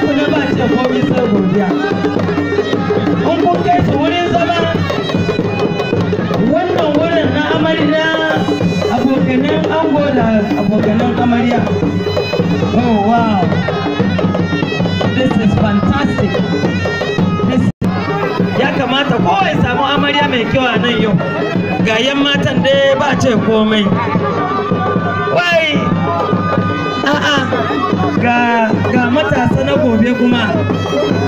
ku na ba ce komi su zama wannan wurin na amarya oh, this is fantastic ya kamata kowa ya samu amarya mai kyau a nan yau ga yan matan ba ce wai a'a ga viu, comadre?